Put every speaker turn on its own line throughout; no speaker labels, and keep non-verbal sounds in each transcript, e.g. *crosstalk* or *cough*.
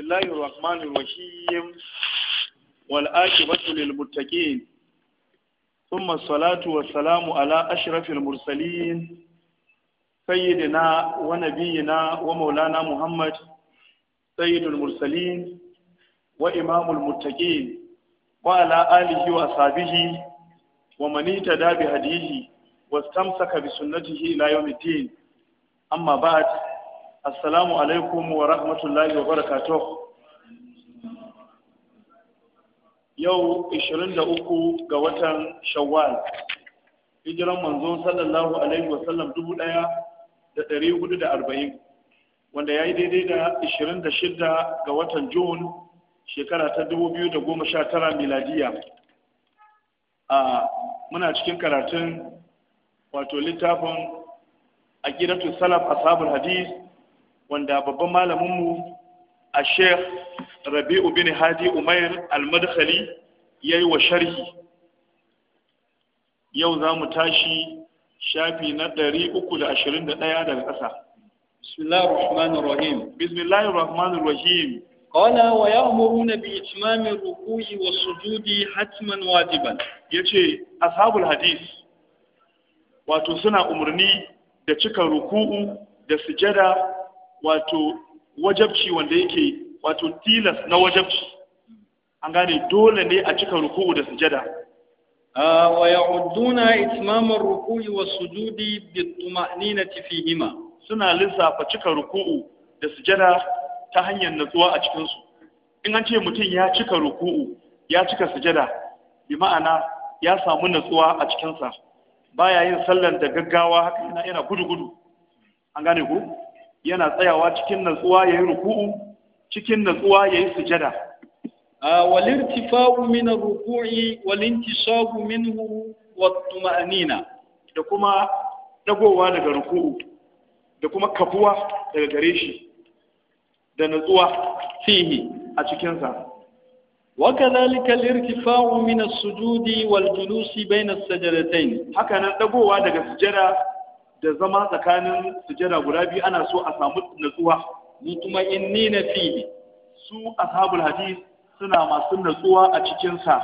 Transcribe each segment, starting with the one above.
الله الرحمن الرحيم والآكبة للمتقين ثم الصلاة والسلام على أشرف المرسلين سيدنا ونبينا ومولانا محمد سيد المرسلين وإمام المتقين وعلى آله وأصحابه ومن اهتدى بهديه واستمسك بسنته إلى يوم الدين أما بعد assalamu alaikum wa rahmatullahi wa barakatuh yau 23 ga watan shawwal hijiran manzo sallallahu alaihi wasallam 1440 wanda ya yi daidai da 26 ga watan june shekara ta 2019 miladiya a muna cikin karatun wato littafin aqidatu salaf ashabul hadith wanda babban malaminmu a sheikh rabi'u bin hadi umair al-madkhali ya yi wa sharhi yau za mu tashi shafi na 321 daga ƙasa bismillahir rahmanir rahim wa ya bismillahir na rahim قال rukuyi wa sujudi hatman wajiban ya ce, Ashabul hadis, wato suna umarni da cika ruku'u da sujada wato wajabci wanda yake wato tilas na wajabci an gane dole ne a cika ruku'u da sujada ah, wa ya'udduna itmamar ruku'i was sujudi bi tuma'ninati fihima suna lissafa cika ruku'u da sujada ta hanyar natsuwa a cikin su in an ce mutum ya cika ruku'u ya cika sujada bi ma'ana ya samu natsuwa a cikin sa baya yin sallar da gaggawa haka yana gudu gudu an gane ku yana tsayawa cikin natsuwa ya yi ruku'u cikin natsuwa ya yi sujada A walin tifawu mina rukui min minhu wat ma'anina. da kuma dagowa daga ruku'u da kuma kafuwa daga gare shi da natsuwa fihi a cikin sa وكذلك sujudi wal السجود والجلوس بين السجدتين haka nan dagowa daga sujada da zama tsakanin sujada guda biyu ana so a samu natsuwa in ni na fi su ashabul hadis suna masu natsuwa a cikin sa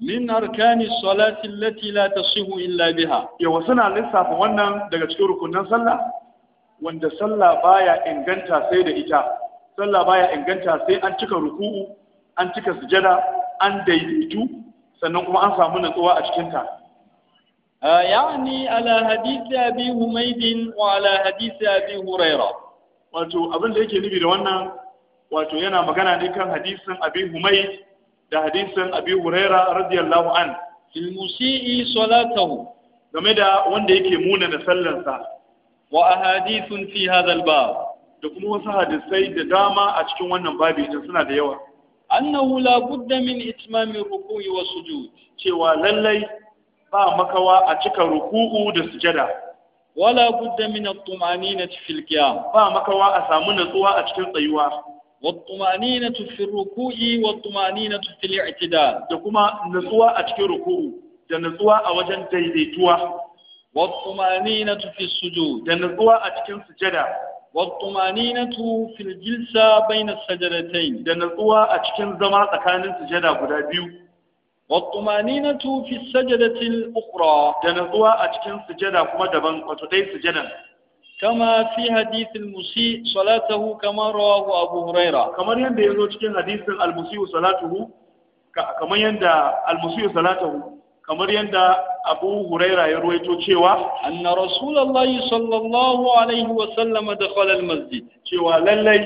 min arkani salati lati la tasihu illa biha yawa suna lissafa wannan daga cikin rukunin sallah wanda sallah baya inganta sai da ita sallah baya inganta sai an cika ruku'u an cika sujada an daidaitu sannan kuma an samu natsuwa a cikin ta يعني على حديث أبي حميد وعلى حديث أبي هريرة wato abin da yake nufi da wannan wato yana magana ne kan hadisin abi humay da hadisin abi huraira radiyallahu an fil musii game da wanda yake muna da sallansa wa ahadithun fi hadha al bab da kuma wasu hadisai da dama a cikin wannan babi da suna da yawa annahu la budda min itmami ruku'i wa sujud cewa lallai ba makawa a cika ruku'u da sujada wala budda min at-tumanina fi al ba makawa a samu natsuwa a cikin tsayuwa wa at-tumanina fi ruku'i wa at-tumanina fi al da kuma natsuwa a cikin ruku'u da natsuwa a wajen daidaituwa wa at-tumanina fi sujud da natsuwa a cikin sujada wa at-tumanina fi al-jilsa bayna as-sajdatayn da natsuwa a cikin zama tsakanin sujada guda biyu والطمأنينة في السجدة الأخرى تنضوى أتكن سجدة كما دبن وتدي سجدة كما في حديث المسيء صلاته كما رواه أبو هريرة كما يندى يزوجكن حديث المسيء صلاته كما يندى المسيء صلاته كما يندى أبو هريرة يروي توشيوا أن رسول الله صلى الله عليه وسلم دخل المسجد شيوا للي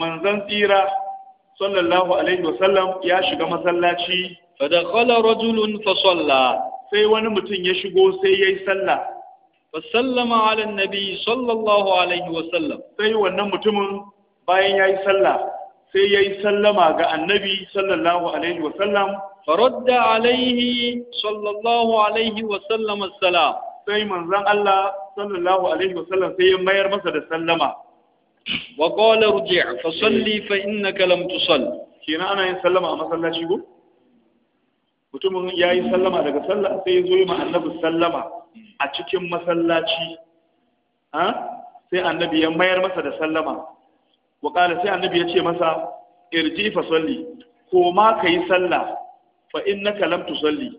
من زنتيرا صلى الله عليه وسلم يا شيخ مسلاتي fadakhala rajulun fa salla sai wani mutum ya shigo sai yayi sallah fa sallama ala annabi sallallahu alaihi wa sallam sai wannan mutumin bayan ya yi sallah sai yayi sallama ga annabi sallallahu alaihi wa sallam faradda alaihi sallallahu alaihi wa sallam assalam sai manzan Allah sallallahu alaihi wa sallam sai ya mayar masa da sallama wa qala rji' fa salli fa innaka lam tusall kina ana yin sallama a masallaci go mutumin ya yi sallama daga sallama sai ya zo yi annabi sallama a cikin masallaci sai annabi ya mayar masa da sallama wa sai annabi ya ce masa irji fa salli ko ma ka yi salla fa innaka lam tusalli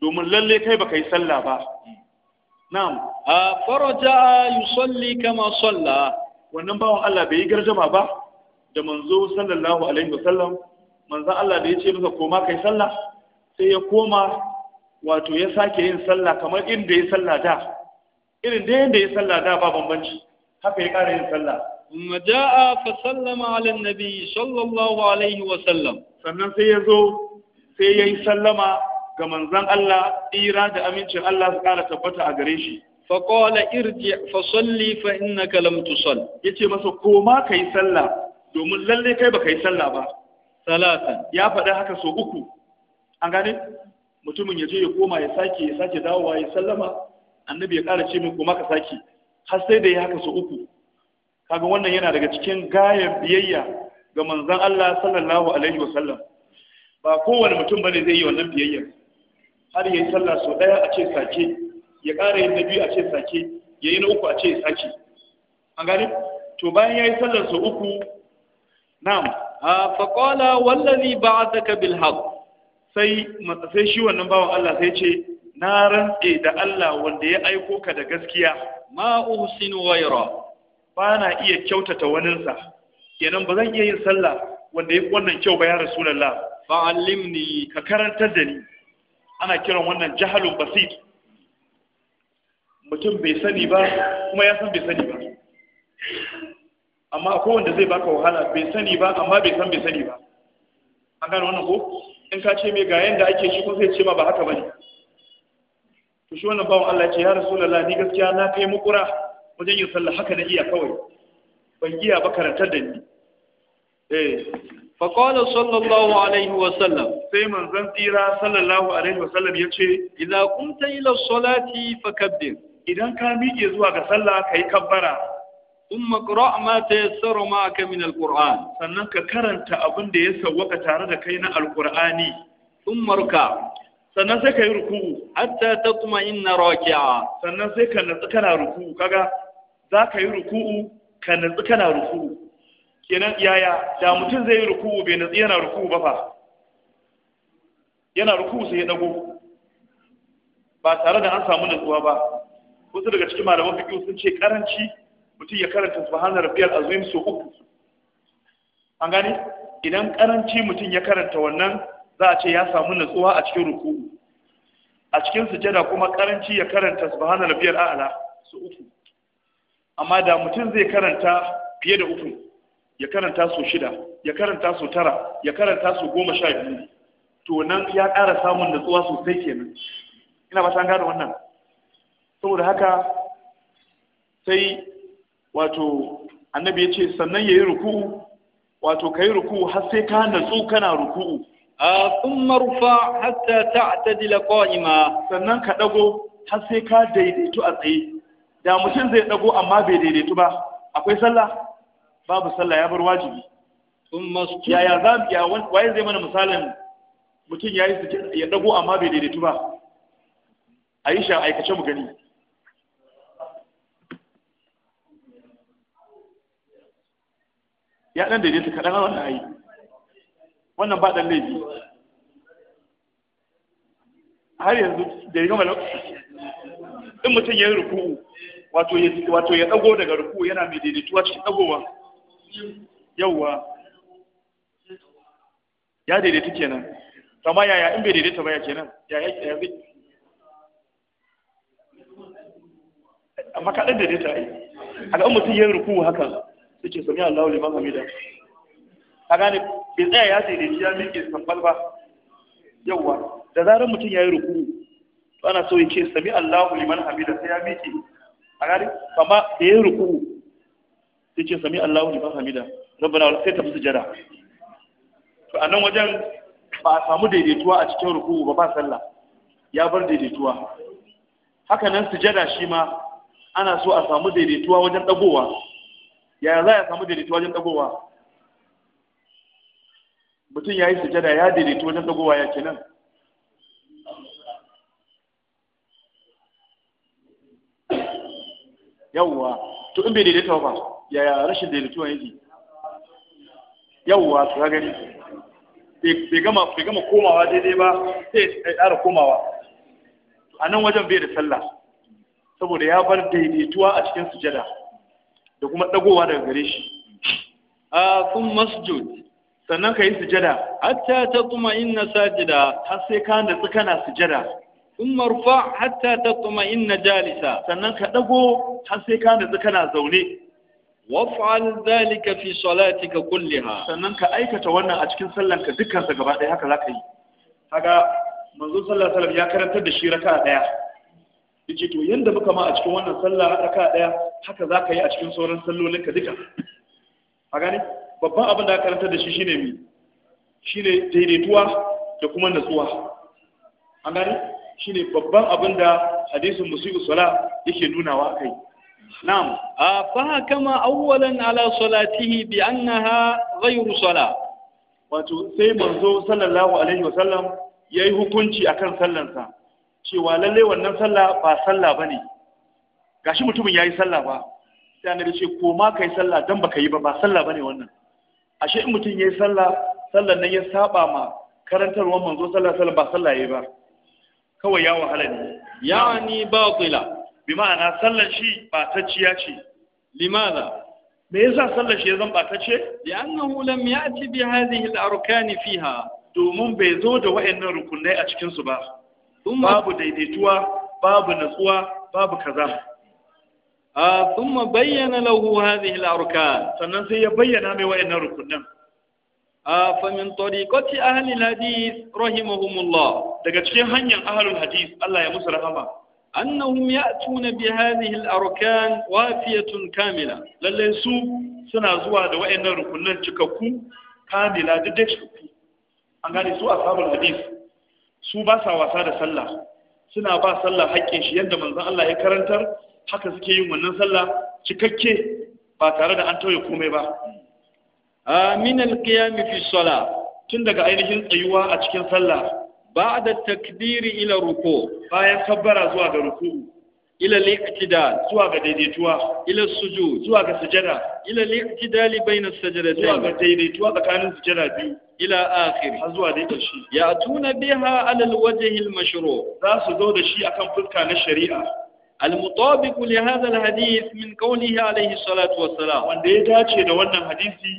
domin lalle kai baka yi salla ba na'am a faraja yusalli kama salla wannan bawan Allah bai yi garjama ba da manzo sallallahu alaihi wasallam manzo Allah da ya ce masa ko ma ka yi salla sai ya koma wato ya sake yin sallah kamar inda ya sallah da irin da yanda ya sallah da ba bambanci haka ya ƙara yin sallah maja'a fa sallama ala nabi sallallahu alaihi wa sallam sannan sai ya zo sai ya yi sallama ga manzon Allah tsira da amincin Allah su ƙara tabbata a gare shi fa qala irji fa salli fa innaka lam tusall yace masa koma kai sallah domin lalle kai baka yi sallah ba salatan ya faɗi haka so uku an gane mutumin ya je ya koma ya sake ya sake dawowa ya sallama annabi ya ƙara ce min koma ka sake har sai da ya haka su uku kaga wannan yana daga cikin gayan biyayya ga manzon Allah sallallahu alaihi wa sallam ba kowane mutum bane zai yi wannan biyayya har yayi sallah so daya a ce sake ya ƙara yin na biyu a ce sake yayi na uku a ce sake an gane to bayan yayi sallar so uku na'am ah, fa qala wallazi ba'athaka bil haqq sai sai shi wannan bawan Allah sai ce na rantse da Allah wanda ya aiko ka da gaskiya ma uhsinu ghayra ba na iya kyautata waninsa kenan ba zan iya yin sallah wanda ya wannan kyau ba ya rasulullah fa allimni ka karantar da ni ana kiran wannan jahalun basit mutum bai sani ba kuma ya san bai sani ba amma akwai wanda zai baka wahala bai sani ba amma bai san bai sani ba an gane wannan ko in ka ce mai ga yanda ake shi kun sai ce ma ba haka bane to shi wannan bawan Allah ya ce ya rasulullah ni gaskiya na kai makura wajen yin sallah haka na iya kawai ban iya ba karantar da ni eh fa qala sallallahu alaihi wa sallam sai manzon tsira sallallahu alaihi wa sallam ya ce idza qumta ila salati fakabbir idan ka miƙe zuwa ga sallah kai kabbara ثم اقرأ ما ma aka min القرآن sannan ka karanta abin da ya sauwaka tare da kai na alqur'ani thumma marka sannan sai ka yi ruku hatta na raki'a sannan sai ka natsu kana ruku kaga za ka yi ruku ka natsu kana ruku'u kenan yaya da mutum zai yi ruku bai natsu yana ruku ba fa yana ruku sai ya dago ba tare da an samu natsuwa ba wasu daga cikin malaman fiqh sun ce karanci mutum ya karanta subhana rabbiyal azim su uku an gane idan karanci mutum ya karanta wannan za a ce ya samu natsuwa a cikin ruku a cikin sujada kuma karanci ya karanta subhana rabbiyal a'la su uku amma da mutum zai karanta fiye da uku ya karanta su shida ya karanta su tara ya karanta su goma sha biyu to nan ya ƙara samun natsuwa sosai kenan ina ba san gane wannan saboda haka sai wato annabi ya ce sannan ya yi ruku'u wato ka yi ruku'u har sai ka natsu kana ruku'u a sun marufa hatta ta tadila qa'ima sannan ka dago har sai ka daidaitu a tsaye da mutum zai dago amma bai daidaitu ba akwai sallah babu sallah ya bar wajibi yaya za mu yawon waye zai mana misalin mutum ya yi ya dago amma bai daidaitu ba a yi sha aikace mu gani ya ɗan daidaita kaɗan wannan ayi wannan ba dan laifi har yanzu da ya gama in mutum ya yi ruku'u wato ya wato ya dago daga ruku'u yana mai daidaituwa cikin dagowa Yauwa ya daidaitu kenan kama yaya in bai daidaita ba ya kenan yaya ya zai amma kaɗan daidaita ai a ga mutum ya yi ruku'u hakan sai ce sami Allahu liman hamida a gane bai tsaya ya sai da ya miƙe sambal ba yawwa da zarar mutum ya yi ruku to ana so ya ce sami Allahu liman hamida sai ya miƙe a gane kama da ya yi ruku sai ce sami Allahu liman hamida rabbana wala sai ta musu jada to a nan wajen ba a samu daidaituwa a cikin ruku ba ba sallah ya bar daidaituwa haka nan sujada shi ma ana so a samu daidaituwa wajen dagowa yaya za a samu daidaito wajen dagowa mutum ya yi sujada ya daidaito wajen dagowa ya kenan yawwa to in bai daidaita ba yaya rashin wa yake yawwa su ka gani bai gama komawa daidai ba sai ya tsara komawa a nan wajen bai da sallah saboda ya bar daidaituwa a cikin sujada da kuma dagowa daga gare shi a kun masjud sannan ka yi sujada hatta ta tuma inna sajida har sai ka da tsakana sujada Kun marfa hatta ta tuma inna jalisa sannan ka dago har sai ka da tsakana zaune waf'al dhalika fi salatika kulliha sannan ka aikata wannan a cikin sallanka dukkan sa gaba ɗaya haka zaka yi kaga manzo sallallahu alaihi wasallam ya karantar da shi raka'a daya yake to yanda muka ma a cikin wannan sallah raka daya haka za ka yi a cikin sauran sallolinka duka a gane babban abin da aka karanta da shi shine mi shine daidaituwa da kuma natsuwa a gane shine babban abin da hadisin musu sala yake wa kai na'am a fa kama awwalan ala salatihi bi annaha ghayru sala wato sai manzo sallallahu alaihi wasallam yayi hukunci akan sallansa cewa lalle wannan sallah ba sallah bane gashi mutumin yayi sallah ba sai an ce ko ma kai sallah dan baka yi ba ba sallah bane wannan ashe in mutum yayi sallah sallan nan ya saba ma karantarwar manzo sallah sallah ba sallah yayi ba kawai ya wahala ne ba batila bi ma'ana sallan shi ba tacciya ce limaza me yasa sallar shi ya zan batacce li'annahu lam ya'ti bi hadhihi al-arkan fiha domin bai zo da wa'annan rukunai a cikin su ba babu daidaituwa babu natsuwa babu kaza thumma bayyana lahu hadhihi al sannan sai ya bayyana mai wayannan rukunan fa min tariqati ahli hadis, rahimahumullah daga cikin hanyar ahlul hadis, Allah ya musu rahama annahum ya'tuna bi hadhihi al-arkan wafiyatun kamila lalle su suna zuwa da wayannan rukunan cikakku kamila duk da an gane su ashabul hadis. su ba sa wasa da sallah suna ba sallah haƙƙin shi yadda manzon Allah ya karantar haka suke yin wannan sallah cikakke ba tare da an tauye komai ba min alqiyam fi tun daga ainihin tsayuwa a cikin sallah ba'da takbiri ila ruku bayan tabbara zuwa ga ruku'u ila liqtida zuwa ga daidaituwa ila suju. zuwa ga sujada ila liqtidali baina sajdatayn zuwa ga daidaituwa tsakanin sujada biyu ila akhir har zuwa dai kashi ya atuna biha ala alwajhi almashru za su zo da shi akan fuska na shari'a المطابق لهذا الحديث من قوله عليه الصلاة والسلام wanda ya dace da wannan hadisi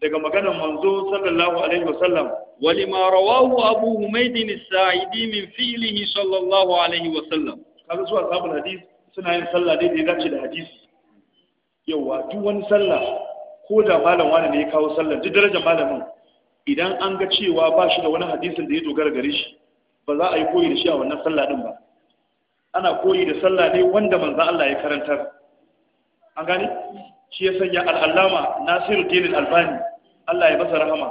daga maganar manzo sallallahu alaihi wasallam ولما رواه أبو حميد الساعدي من فعله صلى الله عليه وسلم kaga su ashabul hadis suna yin sallah dai da ya dace da hadisi yawa duk wani sallah ko da malam wani ne ya kawo sallah duk darajar malamin idan an ga cewa ba shi da wani hadisin da ya dogara gare shi ba za a yi koyi da shi a wannan sallah din ba ana koyi da sallah ne wanda manzo Allah ya karantar an gane shi ya sanya al-allama nasiru al albani Allah ya masa rahama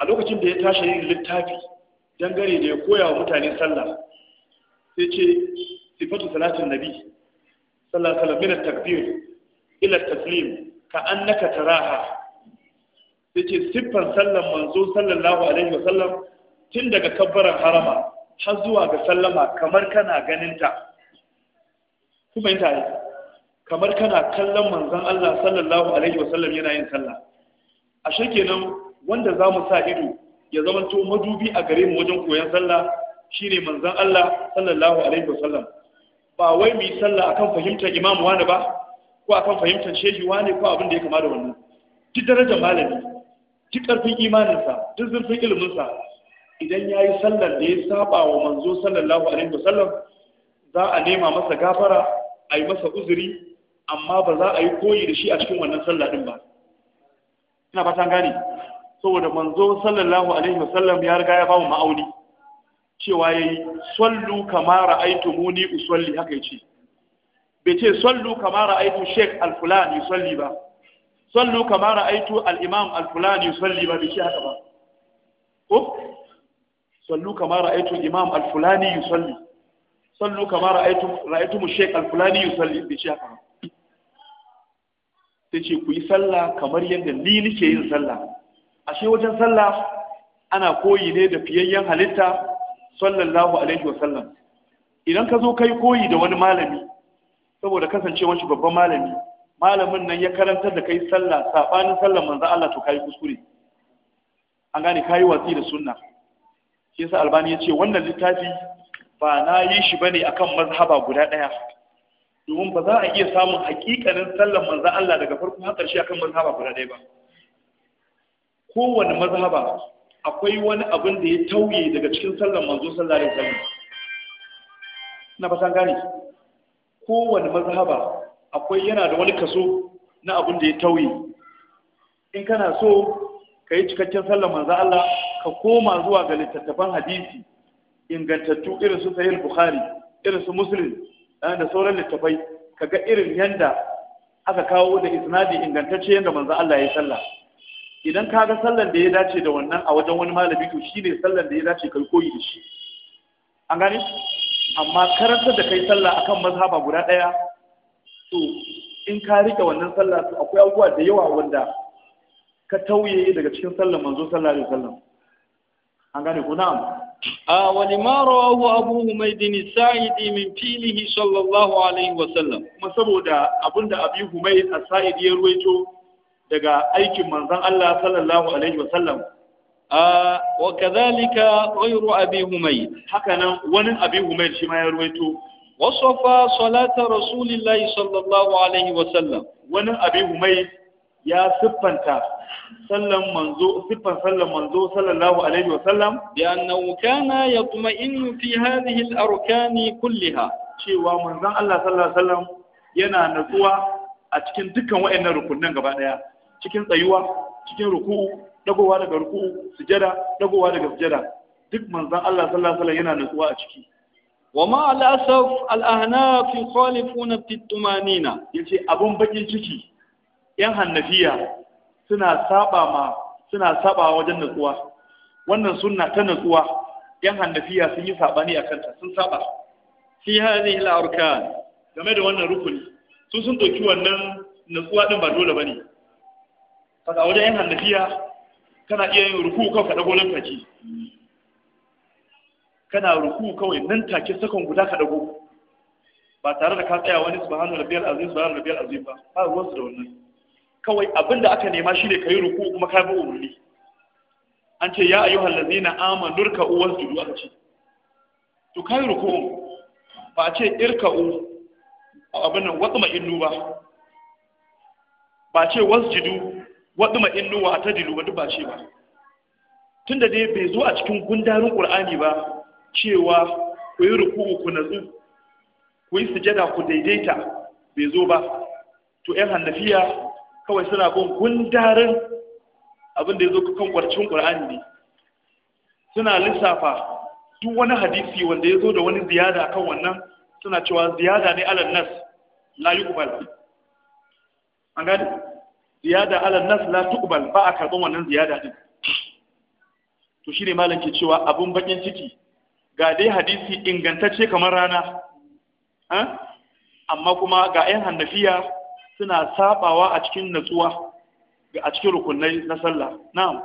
a lokacin da ya tashi yin littafi dangane da ya koya wa mutane sallah sai ce sifatu salatin nabi sallallahu alaihi wasallam takbir ila taslim ka annaka taraha sai ce siffar sallan manzo sallallahu alaihi wasallam tun daga kabbaran harama har zuwa ga sallama kamar kana ganinta kuma yin tare kamar kana kallon manzon Allah sallallahu alaihi wasallam yana yin sallah ashe kenan wanda za mu sa ido ya to madubi a gare mu wajen koyon sallah shine manzon Allah sallallahu alaihi wasallam ba wai mu salla sallah akan fahimtar imamu wani ba ko akan fahimtar shehi wani ko abin da ya kama da wannan duk darajar malami duk karfin imaninsa duk zurfin iliminsa idan ya yi sallar da ya saba wa manzo sallallahu alaihi wasallam za a nema masa gafara a yi masa uzuri amma ba za a yi koyi da shi a cikin wannan sallah din ba ina fatan gane saboda manzo sallallahu alaihi wasallam ya riga ya ba mu ma'auni cewa yayi sallu Aitu Muni usalli haka ce? bai ce sallu kamara Aitu sheik alfulani fulani ba sallu kamara Aitu al'imam alfulani al ba bai ce haka ba ko sallu kamara Aitu al-imam al usalli sallu kamara Aitu mu sheik al-fulani bai ce haka ba sai ce ku yi sallah kamar yadda ni nike yin sallah ashe wajen sallah ana koyi ne da fiyayyen halitta sallallahu alaihi wa sallam idan ka zo kai koyi da wani malami saboda kasancewar shi babban malami malamin nan ya karantar da kai sallah sabanin sallar manzo Allah to kai kuskure an gane kai watsi da sunna shi yasa albani yace wannan littafi ba na yi shi bane akan mazhaba guda daya domin ba za a iya samun hakikanin sallar manzo Allah daga farko har ƙarshe akan mazhaba guda daya ba kowane mazhaba akwai wani abin da ya tauye daga cikin sallar manzo sallallahu alaihi wasallam na fasan gani kowane mazhaba akwai yana da wani kaso na abin da ya tauye in kana so ka yi cikakken sallar manzo Allah ka koma zuwa ga littattafan hadisi ingantattu irin su sahih bukhari irin su muslim eh, da sauran littattafai, ka ga irin yanda aka kawo da isnadi ingantacce yanda manzo Allah ya yi sallah idan ka ga sallar da ya dace da wannan a wajen wani malami to shine sallar da ya dace kai koyi da shi an gane amma karanta da kai sallah akan mazhaba guda ɗaya to in ka rike wannan sallah to akwai abubuwa da yawa wanda ka tauye daga cikin sallar manzo sallallahu alaihi wasallam an gane ko na'am a wani ma abu abu Dini sa'idi min filihi sallallahu alaihi wasallam kuma saboda abinda abi humayd a saidi ya ruwaito daga aikin manzon Allah sallallahu alaihi wasallam wa kadhalika ghayru abi humayd Hakanan, wani abi humayd shi ma ya ruwaito wasafa salata rasulillahi sallallahu alaihi wasallam wani abi humayd ya siffanta sallan manzo siffan sallan manzo sallallahu alaihi wasallam bi annahu kana yatma'innu fi hadhihi al-arkani kulliha cewa manzon Allah sallallahu alaihi wasallam yana natsuwa a cikin dukkan waɗannan rukunin gaba daya. cikin tsayuwa cikin ruku'u dagowa daga ruku'u sujada dagowa daga sujada duk manzon Allah sallallahu alaihi yana nutsuwa a ciki wa ma al'asaf al'ahnaf yukhalifuna bitumanina yace abun bakin ciki yan hannafiya suna saba ma suna saba wajen nutsuwa wannan sunna ta nutsuwa yan hannafiya sun yi sabani akan ta sun saba fi hadhihi al-arkan game da wannan rukuni su sun doki wannan nutsuwa din ba dole bane saka wajen yin hannafiya kana iya yin ruku kawai ka dago nan take kana ruku kawai nan take sakon guda ka dago ba tare da ka tsaya wani subhanu rabbiyal azim subhanu rabbiyal azim ba ba ruwan su da wannan kawai abinda aka nema shine kai ruku kuma ka bi umurni an ce ya ayyuhal ladzina amanu ruk'u wasjudu aka ce to kai ruku ba a ce irka'u abin nan wasu ma'inu ba ba ce wasu jidu. waɗu ma innu ta dilu ba ba ce ba tunda dai bai zo a cikin gundarin ƙul'ani ba cewa ku yi ruku'u ku natsu ku yi sujada ku daidaita bai zo ba to ƴan hannafiya kawai suna bin gundarin abin da ya zo kan ƙwarcin ƙul'ani ne suna lissafa duk wani hadisi wanda ya zo da wani ziyada kan wannan suna cewa ziyada ne alal nas la yuqbal an gani ziyada ala nas la tuqbal ba a karban wannan ziyada din to shine malam ke cewa abun bakin ciki ga dai hadisi ingantacce kamar rana eh? amma kuma ga 'yan hannafiya suna sabawa a cikin natsuwa a cikin rukunai na sallah na'am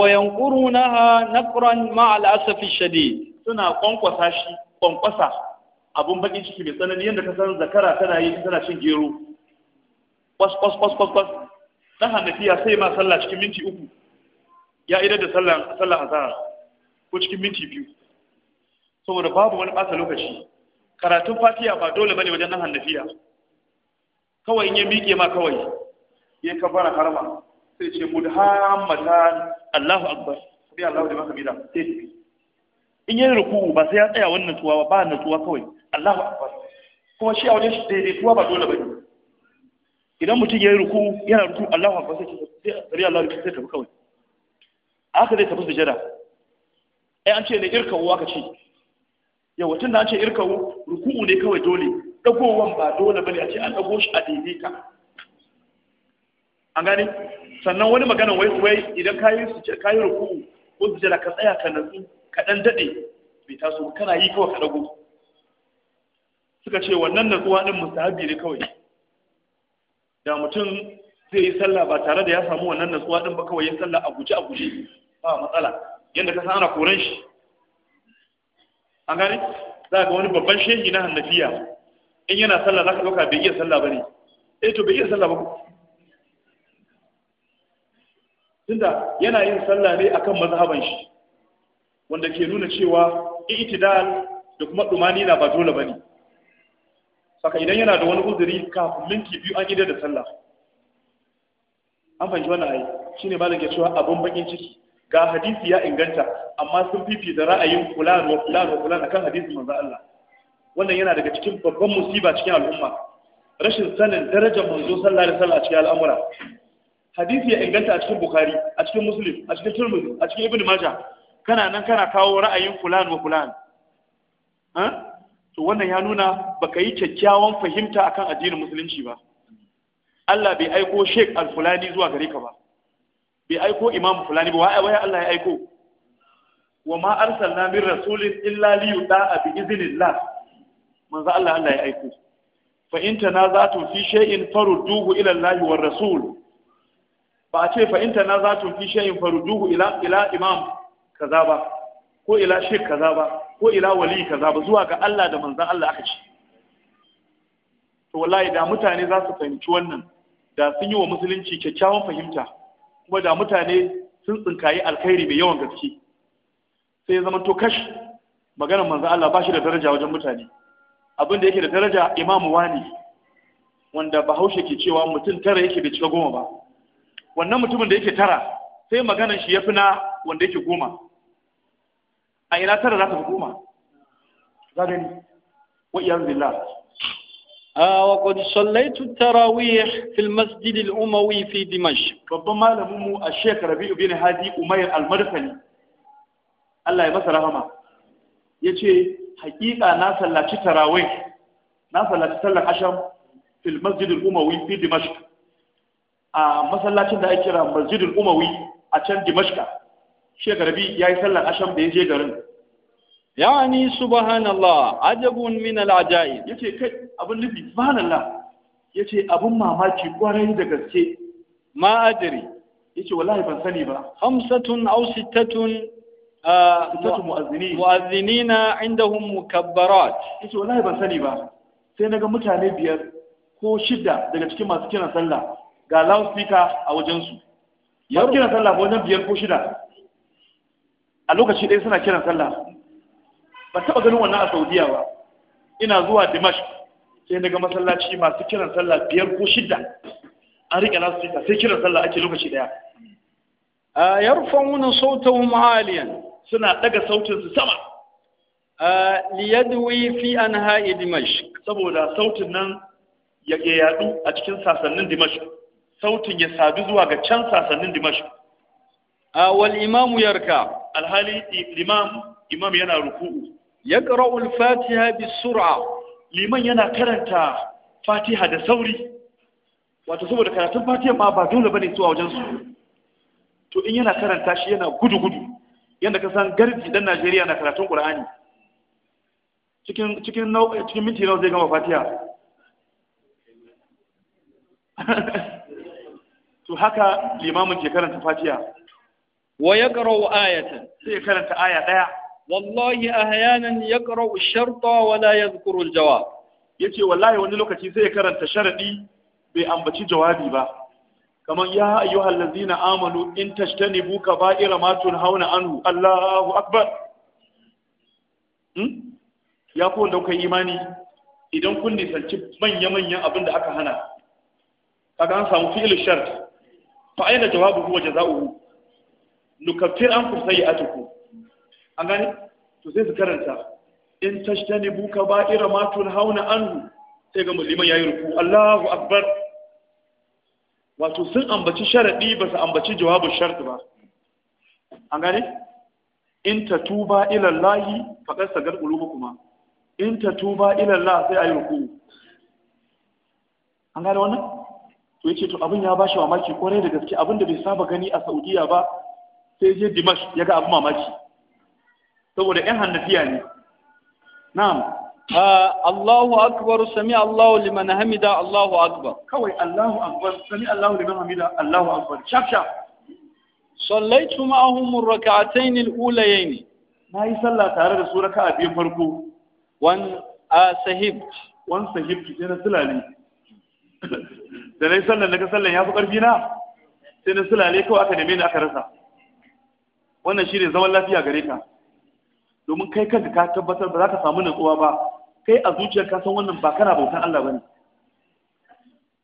wa yanqurunaha naqran ma'a al-asafi shadid suna kwankwasa shi kwankwasa abun bakin ciki mai tsanani yadda ka san zakara tana yi tana cin gero kwas kwas kwas kwas dan hanafiya sai ma sallah cikin minti uku ya idar da Sallah sallan ko cikin minti biyu saboda babu wani ɓata lokaci karatun fatiya ba dole bane wajen nan hannafiya kawai in ya miƙe ma kawai ya kafara harma sai ce mudhammatan Allahu akbar sai Allahu da maka bida sai tafi in yi ruku'u ba sai ya tsaya wannan tuwa ba ba natsuwa kawai Allahu akbar kuma shi a wajen shi daidaituwa ba dole bane idan mutum ya yi ruku yana ruku Allah akbar sai sai Allah akbar sai tafi kawai aka zai tafi sujada ai an ce ne irkawu aka ce yawa da an ce irkawu ruku'u ne kawai dole dagowan ba dole bane a ce an dago shi a daidaita an gane sannan wani magana wai wai idan ka yi ka yi ruku'u ko sujada ka tsaya ka nutsu, ka dan dade bai taso kana yi kawai ka dago suka ce wannan natsuwa din musahabi ne kawai da mutum zai yi sallah ba tare da ya samu wannan natsuwa din ba kawai yin sallah a guje a guje ba matsala yadda ka san ana koran shi an gane za ga wani babban shehi na hannafiya in yana sallah za ka ɗauka bai iya sallah ba ne eh to bai iya sallah ba tunda yana yin sallah ne akan mazhaban shi wanda ke nuna cewa i'tidal da kuma dumani na ba dole bane saka idan yana da wani uzuri kafin linki biyu an idar da sallah an fahimci wani ayi shine malam ya cewa abun bakin ciki ga hadisi ya inganta amma sun da ra'ayin fulan wa fulan wa fulan akan hadisin manzo Allah wannan yana daga cikin babban musiba cikin al'umma rashin sanin darajar manzo sallallahu alaihi wasallam a cikin al'amura hadisi ya inganta a cikin bukhari a cikin muslim a cikin tirmidhi a cikin ibnu majah kana nan kana kawo ra'ayin fulan wa fulan ha to wannan ya nuna baka yi kyakkyawan fahimta akan addinin musulunci ba Allah bai aiko Sheikh Al-Fulani zuwa gare ka ba bai aiko Imam Fulani ba wai Allah ya aiko wa ma arsalna min rasulin illa li yuta'a bi iznillah manzo Allah Allah ya aiko fa in tanazatum fi shay'in farudduhu ila Allah war rasul ba a ce fa in tanazatum fi shay'in farudduhu ila ila imam kaza ba ko ila shek kaza ba ko ila wali kaza ba zuwa ga Allah da manzon Allah aka ce to wallahi da mutane za su fahimci wannan da sun yi wa musulunci kyakkyawan fahimta kuma da mutane sun tsinkayi alkhairi mai yawan gaske sai ya zama to kash maganar manzon Allah ba shi da daraja wajen mutane abin da yake da daraja imamu wani wanda bahaushe ke cewa mutum tara yake bai cika goma ba wannan mutumin da yake tara sai maganar shi ya fi na wanda yake goma a ina tara za ta fi goma za gani wa iyaz billah وقد صليت التراويح في المسجد الأموي fi dimash. babban malamin mu a Sheikh biyu bin Hadi Umair Al-Madkhali Allah ya masa rahama Ya ce haƙiƙa na sallaci tarawih na sallaci sallar asham fil masjid al-umawi fi dimash. a masallacin da ake kira masjid al-umawi a can dimashq shekarbi ya yi sallar asham da ya je garin ni subhanallah ajabun min al yace kai abin nufi subhanallah yace abun mamaki kwarai da gaske ma adri yace wallahi ban sani ba khamsatun aw sittatun ah, sittatun mu'azzinin mu'azzinina indahum mukabbarat yace wallahi ban sani ba sai naga mutane biyar ko shida daga cikin masu kiran sallah ga loudspeaker a wajensu. su yau kiran sallah wajen biyar ko shida a lokaci ɗaya suna kiran sallah ban taɓa ganin wannan a saudiya ba ina zuwa dimash sai daga masallaci masu kiran sallah biyar ko shidda an riƙe nasu sai kiran sallah ake lokaci ɗaya a wani sautan ma'aliyan suna ɗaga sautinsu sama liyadwi fi an ha'i dimash saboda sautin nan ya yaɗu a cikin sasannin dimash sautin ya sadu zuwa ga can sasannin dimash wal imamu yarka alhali imam imam yana ruku'u yaqra'u al-fatiha sura liman yana karanta fatiha da sauri wato saboda karatun fatiha ma ba dole bane zuwa wajen su to in yana karanta shi yana gudu gudu yanda ka san garji dan Najeriya na karatun Qur'ani cikin cikin cikin minti nawa zai gama fatiha *laughs* to haka limamin ke karanta fatiha wa yaqra'u ayatan sai karanta aya ɗaya. wallahi a ya ahyanan yaqra'u sharta wa la yadhkuru jawa. Ya ce, wallahi wani lokaci sai karanta sharadi bai ambaci jawabi ba kamar ya ayyuhal ladzina amanu in tashtanibu kaba'ira ma tunhauna anhu Allahu akbar hmm? ya ko da kai imani idan kun nisanci manya-manyan abin da aka hana kaga an samu fi'il shart fa aina jawabu huwa jazaohu nukaffir an kusayi a tuku an gani to sai su karanta in ne buka ba ira matul hauna anhu sai ga musulman yi ruku Allahu akbar wato sun ambaci sharaɗi ba su ambaci jawabin shart ba an gani in tatuba ila Allah faɗar sagar kuma in ta tuba Allah sai ayi ruku an gani wannan to yake to abin ya ba bashi mamaki kwarai da gaske abin da bai saba gani a Saudiya ba sai je dimash ya ga abu mamaki saboda yan hannafiya ne na'am Allahu akbar sami Allahu liman hamida Allahu akbar kawai Allahu akbar sami Allahu liman hamida Allahu akbar shaf shaf sallaitu ma'ahum rak'atayn al-ulayayn na yi sallah tare da su raka'a biyu farko wan sahib wan sahib ki na sulale da nayi sallan daga sallan ya fi karfi na sai na sulale kawai aka neme ni aka rasa wannan shi ne zaman lafiya gare ka domin kai kanka ka tabbatar ba za ka samu natsuwa ba kai a zuciyar ka san wannan ba kana bautan Allah bane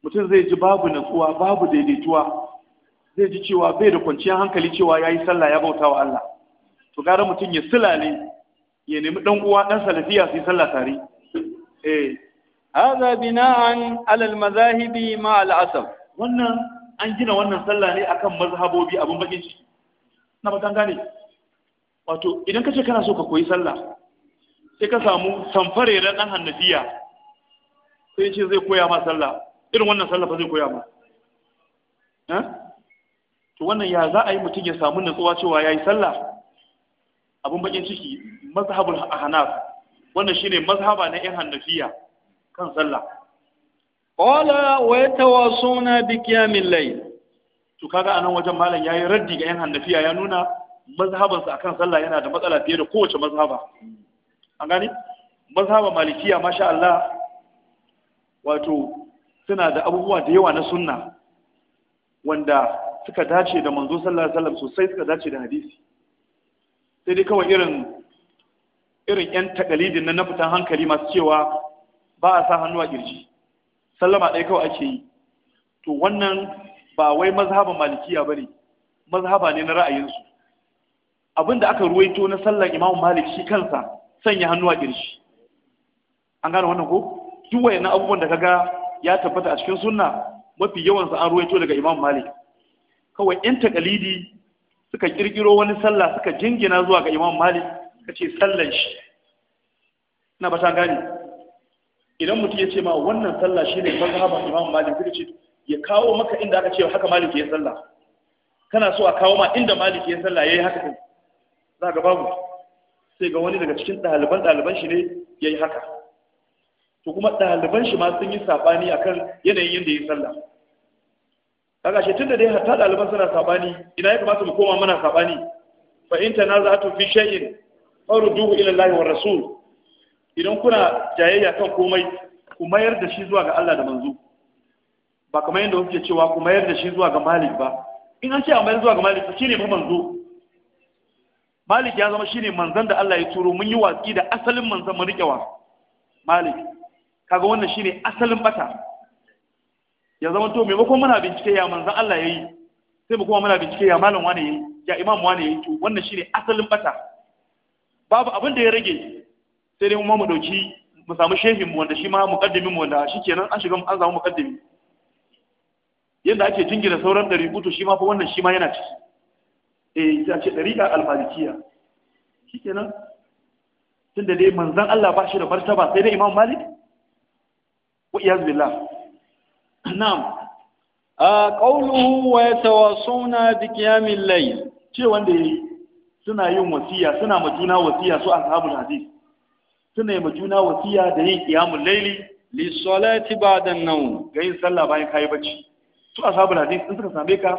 mutum zai ji babu natsuwa babu daidaituwa zai ji cewa bai da kwanciyar hankali cewa ya yi sallah ya bauta wa Allah to gara mutum ya ne, ya nemi dan uwa dan salafiya su yi sallah tare eh hadha bina'an ala al-mazahibi ma al-asab wannan an gina wannan sallah ne akan mazhabobi abun bakin ciki na ba gane wato idan ka ce kana so ka koyi sallah sai ka samu samfare ran dan hannafiya sai ce zai koya ma sallah irin wannan sallah fa zai koya ma eh? to wannan ya za a yi mutum ya samu natsuwa cewa yayi sallah abun bakin ciki mazhabul ahnaf wannan shine mazhaba na yan hannafiya kan sallah qala wa yatawasuna bi qiyamil layl to kaga anan wajen malam yayi raddi ga yan hannafiya ya nuna mazhaban su akan sallah yana da matsala fiye da kowace mazhaba an gani mazhaba malikiya masha Allah wato suna da abubuwa da yawa na sunna wanda suka dace da manzo sallallahu alaihi wasallam sosai suka dace da hadisi sai dai kawai irin irin yan takalidin na fitan hankali masu cewa ba a sa hannu a kirji sallama ɗaya kawai ake yi to wannan ba wai mazhaban malikiya bane mazhaba ne na ra'ayinsu abinda aka ruwaito na sallar imam malik shi kansa sanya hannu a kirshi an gane wannan ko duk wayannan abubuwan da kaga ya tabbata a cikin sunna mafi yawan sa an ruwaito daga imam malik kawai in takalidi suka kirkiro wani sallah suka jingina zuwa ga imam malik kace sallan shi ina ba ta gane idan mutum ya ce ma wannan sallah shine mazhaban imam malik kace ya kawo maka inda aka ce haka maliki ya sallah kana so a kawo ma inda maliki ya sallah yayi haka za ga babu sai ga wani daga cikin ɗaliban ɗaliban shi ne yayi haka to kuma ɗaliban shi ma sun yi sabani akan yanayin yadda ya sallah daga shi da dai hatta ɗaliban suna sabani ina ya kamata mu koma mana sabani fa in tanaza'tu fi shay'in farduhu ila Allah wa rasul idan kuna jayayya kan komai ku mayar da shi zuwa ga Allah da manzo ba kamar yadda kuke cewa ku mayar da shi zuwa ga malik ba in an ce a mayar zuwa ga malik shine ne manzo malik ya zama shi ne manzan da Allah ya turo mun yi watsi da asalin manzan mu rikewa malik kaga wannan shi ne asalin bata ya zama to maimakon muna bincike ya manzan Allah ya yi, sai mu kuma muna bincike ya malam wane yi ya imam wane yi to wannan shi ne asalin bata babu abin da ya rage sai dai mu ma mu dauki mu samu shehin mu wanda shi ma muqaddimin mu wanda shikenan an shiga an samu muqaddimi yadda ake jingina sauran ɗari to shi ma fa wannan shi ma yana ciki eh ta ce ga almalikiya shikenan tunda dai manzan Allah ba shi da martaba sai dai Imam Malik wa iyaz billah na'am a qawluhu wa yatawassuna bi qiyamil layl ce wanda yi suna yin wasiya suna ma juna wasiya su ashabul hadith suna yi ma juna wasiya da yin qiyamul layli li salati ba'da an-nawm ga yin sallah bayan kai bacci su ashabul hadis in suka same ka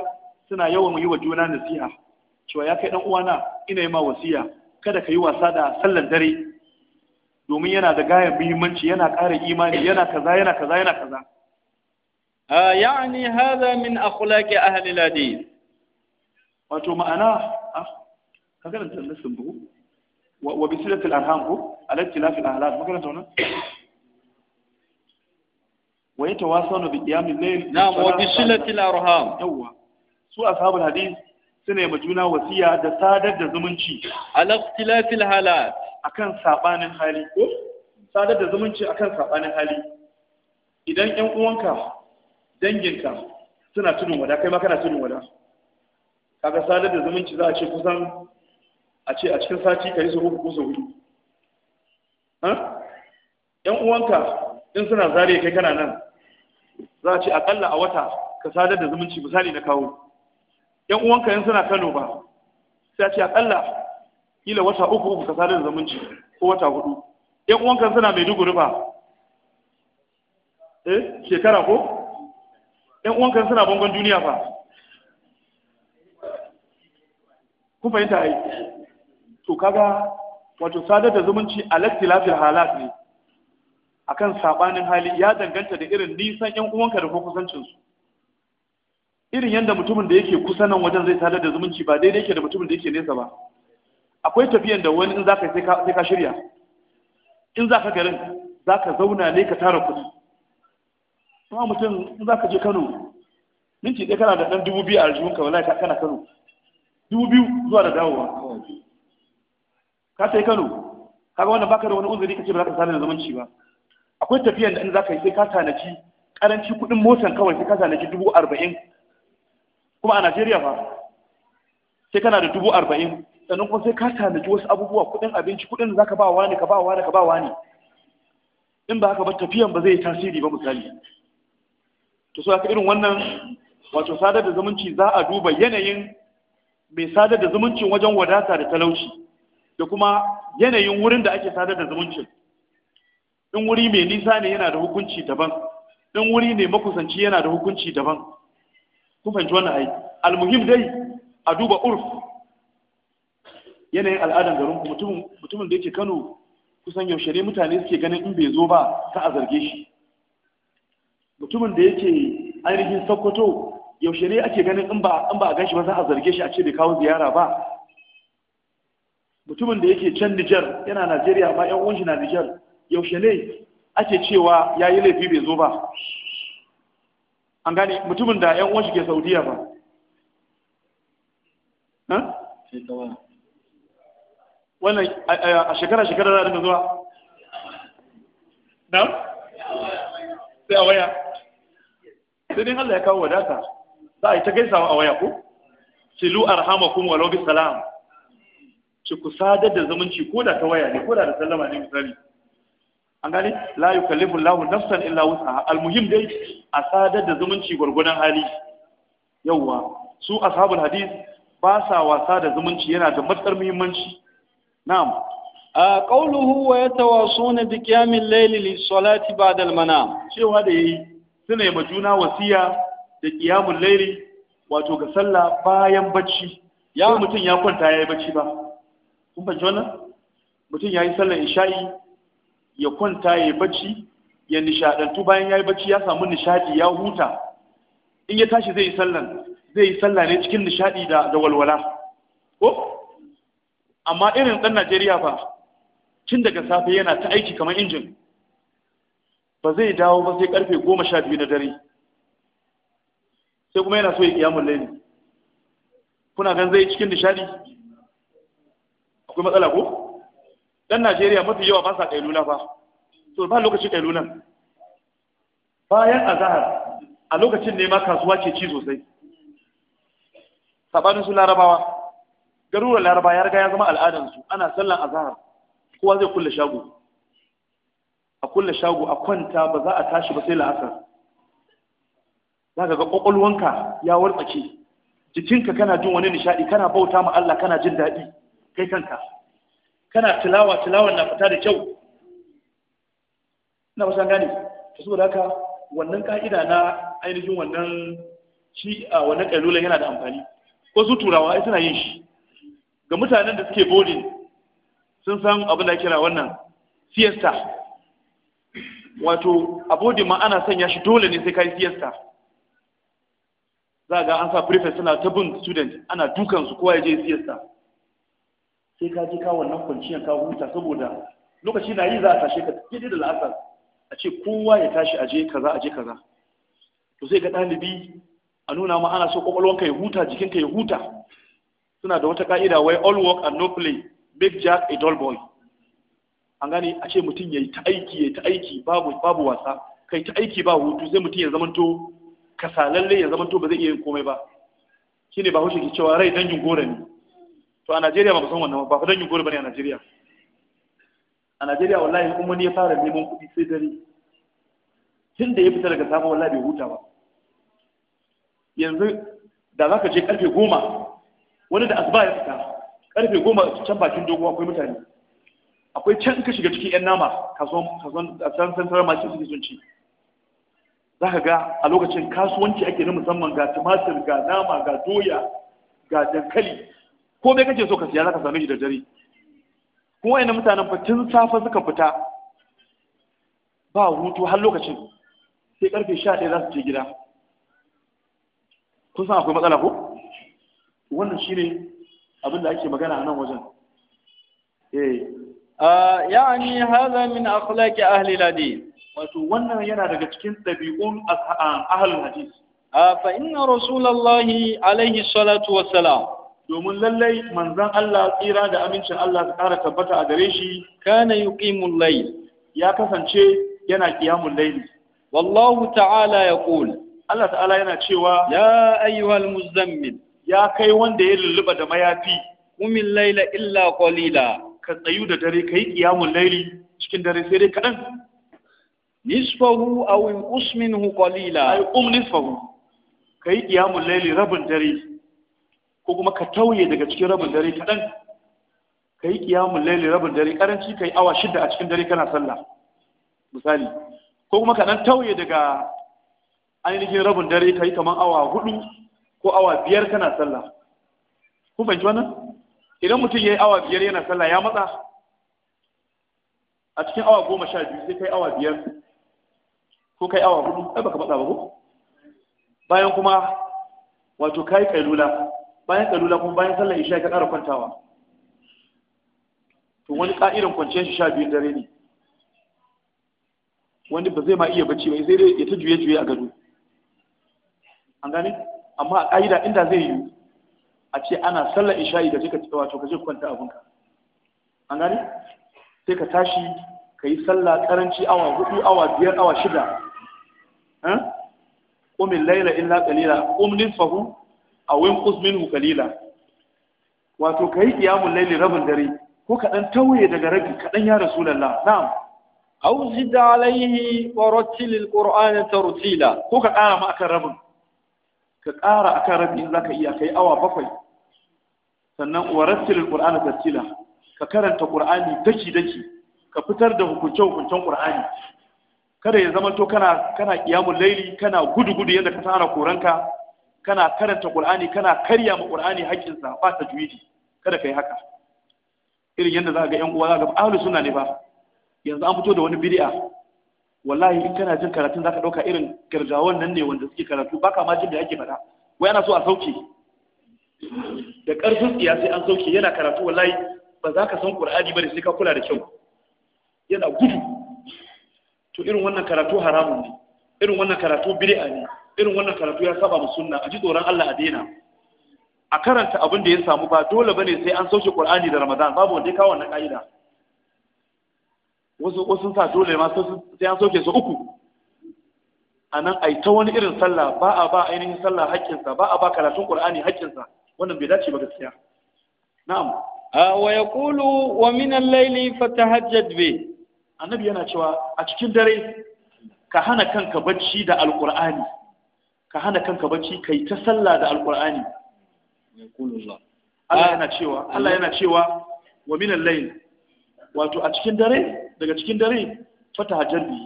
suna yawan mu yi wa juna nasiha cewa ya kai dan uwana ina yi ma wasiya kada ka yi wasa da sallan dare domin yana da gayan muhimmanci yana ƙara imani yana kaza yana kaza yana kaza yani hada min akhlaqi ahli hadis wato ma'ana ah, ka ga nan sun bu wa bisilatil arham ko alatti lafil ahlas makaranta wannan wa yatawassawna bi qiyamil layl na'am wa bi silatil arham yawa su ashabul hadith suna yi juna wasiya da sadar da zumunci ala ikhtilafil halat hali idan ƴan uwanka danginka suna tudun wada kai ma kana tudun sadar da zumunci za a ce kusan a ce a cikin sati ka yi su uku ko su yan uwanka in suna zariya kai kana nan za a ce akalla a wata ka sadar da zumunci misali na kawo yan uwanka yan suna kano ba sai a ce akalla kila wata uku uku ka sadar da zumunci ko wata hudu yan uwanka suna maiduguri ba eh shekara ko yan uwanka suna bangon duniya ba kun fahimta ai to kaga wato sadar da zumunci a lafilafil halat ne akan sabanin hali ya danganta da irin nisan yan uwanka da ko kusancin su irin yanda mutumin da yake kusa nan wajen zai sadar da zumunci ba daidai yake da mutumin da yake nesa ba akwai tafiyan da wani in za ka sai ka shirya in za ka garin za ka zauna ne ka tara kuɗi kuma mutum in zaka je kano minti ɗaya kana da ɗan dubu biyu a ka wallahi ka kana kano dubu biyu zuwa da dawowa ka sai kano kaga wannan baka da wani uzuri kace ba za ka sadar da zumunci ba akwai tafiyan da in za ka yi sai ka tanaci karanci kuɗin motan kawai sai ka tanaci dubu arba'in kuma a najeriya fa sai kana da dubu arba'in sannan kuma sai ka tanaci wasu abubuwa kuɗin abinci kuɗin za ka ba wani ka ba wani ka ba wani in ba haka ba tafiyan ba zai yi tasiri ba misali to so haka irin wannan wato sadar da zumunci za a duba yanayin mai sadar da zumuncin wajen wadata da talauci da kuma yanayin wurin da ake sadar da zumuncin in wuri mai nisa ne yana da hukunci daban in wuri ne makusanci yana da hukunci daban kun fahimci wannan ai almuhim dai a duba urf yanayin al'adan garin mutumin mutumin da yake Kano kusan yaushe ne mutane suke ganin in bai zo ba ta a zarge shi mutumin da yake ainihin Sokoto yaushe ne ake ganin in ba in ba a ganshi ba za a zarge shi a ce bai kawo ziyara ba mutumin da yake can Nijar yana Najeriya ma ƴan uwan shi na Nijar yaushe ne ake cewa ya yi laifi bai zo ba an gane mutumin da yan uwanshi ke saudiya ba wannan a shekara-shekara za a dinga zuwa na? sai a waya sai dai Allah ya kawo wadata za a yi ta gaisawa a waya ko? silu arhamakum walau bi salam ci ku sadar da zamanci ko da ta waya ne ko da da sallama ne misali an gane la yukallifu Allahu nafsan illa wus'aha almuhim dai a sadar da zumunci gwargwadon hali yawa su ashabul hadith ba sa wasa da zumunci yana da matsar muhimmanci na'am qawluhu wa yatawasuna bi qiyamil layli lis salati ba'da al manam cewa da yayi suna yi majuna wasiya da qiyamul layli wato ga sallah bayan bacci ya mutum ya kwanta yayi bacci ba kun fahimci wannan mutum yayi sallar isha'i ya kwanta ya yi bacci ya nishadantu bayan ya yi bacci ya samu nishadi ya huta in ya tashi zai yi sallan zai yi sallah ne cikin nishadi da walwala ko amma irin dan Najeriya fa tun daga safe yana ta aiki kamar injin ba zai dawo ba sai karfe goma sha biyu na dare sai kuma yana so ya kiyamun laili kuna gan zai cikin nishadi akwai matsala ko dan Najeriya mafi yawa ba sa luna ba, to ba lokaci kailulan bayan azahar, a lokacin ne ma kasuwa ke ci sosai sabanin su larabawa garuruwan laraba ya riga ya zama al'adar su ana sallan azahar. kowa zai kulle shago a kulle shago a kwanta ba za a tashi ba sai la'asar za ka ga kwakwalwanka ya wartsake jikinka kana jin wani nishaɗi kana bauta ma Allah kana jin daɗi kai kanka kana tilawa tilawa na fita da kyau na ba gani gane to saboda haka wannan ka'ida na ainihin wannan shi a wannan kailulan yana da amfani ko su turawa ai suna yin shi ga mutanen da suke boarding sun san abin da kira wannan siesta wato a boarding ma ana sanya shi dole ne sai kai siesta za ga an sa prefect suna ta bin student ana dukansu kowa ya je siesta sai ka je ka wannan kwanciyar ka huta saboda lokaci na yi za a tashe ka daidai da la'asar a ce kowa ya tashi a je kaza a je kaza to sai ga ɗalibi a nuna ma ana so ka ya huta jikinka ya huta suna da wata ka'ida wai all work and no play make jack a dull boy an gane a ce mutum ya yi ta aiki ya yi ta aiki babu wasa kai ta aiki ba hutu sai mutum ya zamanto kasalalle ya zamanto ba zai iya yin komai ba shine ba hushe ke cewa rai dangin gora ne to a Najeriya ba san wannan ba fa dan gori bane a Najeriya a Najeriya wallahi kuma wani ya fara neman kuɗi sai dare tun da ya fita daga safa wallahi bai huta ba yanzu da za ka je karfe goma wani da asuba ya fita karfe goma can bakin dogo akwai mutane akwai can ka shiga cikin 'yan nama kasuwan sansarar masu suke sun ci za ka ga a lokacin kasuwanci ake na musamman ga tumatir ga nama ga doya ga dankali ko bai kace so ka siya zaka same shi da dare ko wayannan mutanen fa tun safa suka fita ba hutu har lokacin sai karfe 11 za su je gida kun san akwai matsala ko wannan shine abin da ake magana a nan wajen eh ah, yani hadha min akhlaqi ahli al-hadith wato wannan yana daga cikin ɗabi'un ah, ahlul hadith ah, fa inna rasulullahi alaihi salatu wassalam domin lallai manzan Allah tsira da amincin Allah su ƙara tabbata a gare shi kana yuqimul layl ya kasance yana qiyamul layl wallahu ta'ala ya yaqul Allah ta'ala yana cewa ya ayyuhal muzammil ya kai wanda ya lulluba da mayafi kumin Layla illa qalila ka tsayu da dare kai qiyamul layli cikin dare sai dai kadan nisfahu aw inqus minhu qalila ay qum nisfahu kai qiyamul rabin dare ko kuma ka tauye daga cikin rabin dare kaɗan ka yi ƙiyamun laili rabin dare ƙaranci ka yi awa shida a cikin dare kana sallah misali ko kuma ka ɗan tauye daga ainihin rabin dare ka yi kamar awa hudu ko awa biyar kana sallah kun fahimci wannan idan mutum ya yi awa biyar yana sallah ya matsa a cikin awa goma sha biyu sai kai awa biyar ko kai awa hudu ai baka matsa ba ko bayan kuma wato kai kailula bayan kalula kuma bayan sallar isha ka ƙara kwantawa to wani ƙa'irin kwanciyar shi sha biyun dare ne wani ba zai ma iya bacci ba sai dai ya ta juye-juye a gado an gane amma a ƙa'ida inda zai yiwu a ce ana sallar isha'i da ka cewa to ka je kwanta abinka an gane sai ka tashi ka yi sallah karanci awa hudu awa biyar awa shida ƙumin laila illa ƙalila ƙum nisfahu a winkus minhu kalila wato ka yi ƙiyamun laili rabin dare ko kaɗan tauye daga rabi kaɗan ya rasulallah na'am aw zid alayhi wa rattil alqur'ana tartila ko ka ƙara ma akan rabin ka ƙara akan rabi in zaka iya kai awa bakwai sannan wa rattil alqur'ana tartila ka karanta qur'ani daki daki ka fitar da hukunce hukuncen qur'ani kada ya zama to kana kana ƙiyamun laili kana gudu gudu yadda ka tsara koranka kana karanta qur'ani kana karya ma qur'ani haƙƙin sa ba juyidi, kada kai haka irin yadda za ga yan uwa za ga ahlus sunna ne ba yanzu an fito da wani bid'a wallahi in kana jin karatun ka dauka irin gargawan nan ne wanda suke karatu baka ma jin da yake faɗa wai ana so a sauke da ƙarfin tsiya sai an sauke yana karatu wallahi ba za ka san qur'ani ba da sai ka kula da kyau yana gudu to irin wannan karatu haramun ne irin wannan karatu bid'a ne irin wannan karatu ya saba mu sunna a ji tsoron Allah a daina a karanta abin da ya samu ba dole bane sai an sauke Qur'ani da Ramadan babu wanda ya kawo wannan kaida wasu wasu sa dole ma sai an sauke su uku a nan ai ta wani irin sallah ba a ba ainihin sallah sa ba a ba karatun Qur'ani sa wannan bai dace ba gaskiya na'am wa yaqulu wa min al-layli fatahajjad bi annabi yana cewa a cikin dare ka hana kanka bacci da alqur'ani ka hana kanka bacci kai ta sallah da alqur'ani Allah ah. yana cewa Allah yana cewa wa min al-layl wato a cikin dare daga cikin dare fatahajjar bi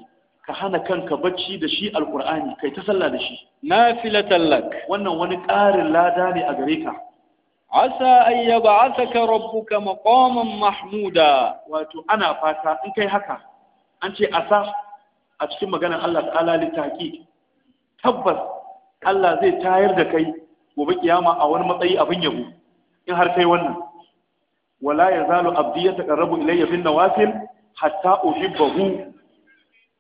ka hana kanka bacci da shi alqur'ani kai ta sallah da shi nafilatan lak wannan wani ƙarin lada ne a gare ka asa an yab'athaka rabbuka maqaman mahmuda wato ana fata in kai haka an ce asa a cikin maganar Allah ta'ala li taqiq tabbas Allah zai tayar da kai gobe kiyama a wani matsayi abin yabo in har kai wannan wala ya yazalu abdi yataqarrabu ilayya bin nawafil hatta uhibbahu